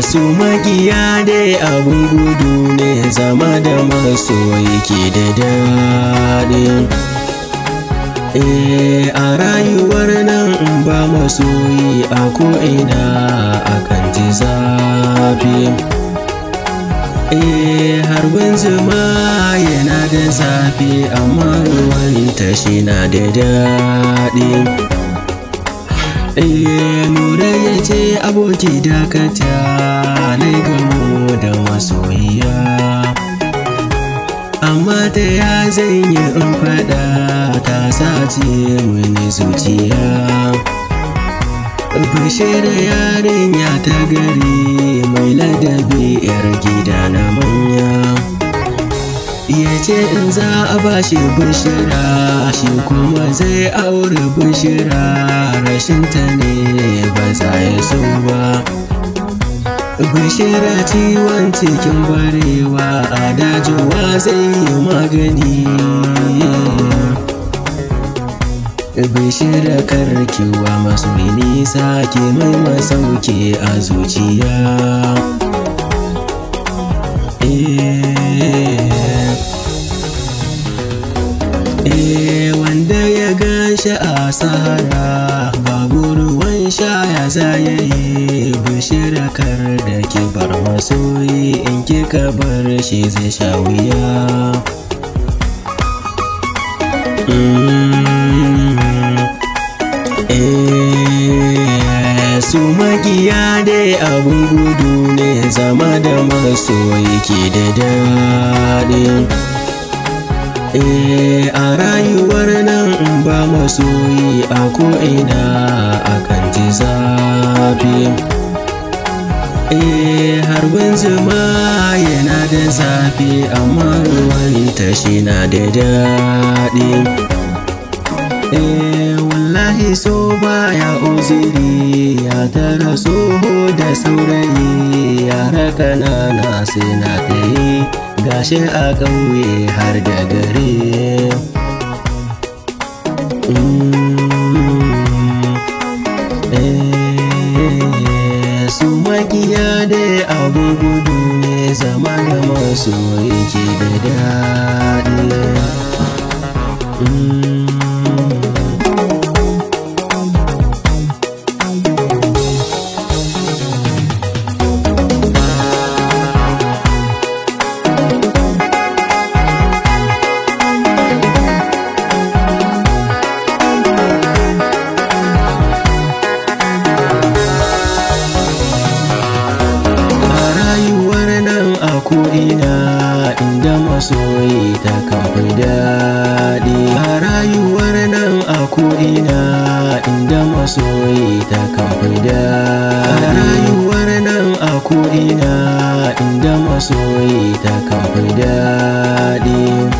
su magiya dai abun gudu ne zama da maso yake da daɗi Eh a rayuwar nan ba masoyi a ko'ina akan ji zafi eh harbin ma yana da zafi amma ruwan tashi na da daɗi Eh nura ya ce aboki dakata na gamo da masoyiya amma ta ya zan yi in faɗa ta sace mini zuciya Bashir yarinya ta gari mai ladabi 'yar gida na manya. Ya ce in za a ba shi bishira, shi kuma zai aure bishira, rashinta ne ba za ya so ba. Bishira ciwon cikin barewa a dajuwa zai yi magani. bishira karkewa masu nisa ke mai masauke a zuciya eh, eh, wanda ya ganshi a sahara babu ruwan sha ya zayaye bishira kar da ke bar masoyi in kika bar shi zai sha wuya su magiya dai abin gudu ne zama da maso yake da daɗi Eh a rayuwar nan ba masoyi a ko'ina kan ji zafi Eh harbin zuma yana da zafi amma ruwan tashi na da daɗi. Eh, iso baya uziri ya tara da saurayi yara kanana suna ta yi gashi a ƙauye har da gari mm, eh, su makiya dai abubu ne zama da masu yake da daɗi hakurina inda masoyi ta kamfai daɗi a rayuwar nan hakurina inda masoyi ta kamfai daɗi a rayuwar nan hakurina inda masoyi ta kamfai daɗi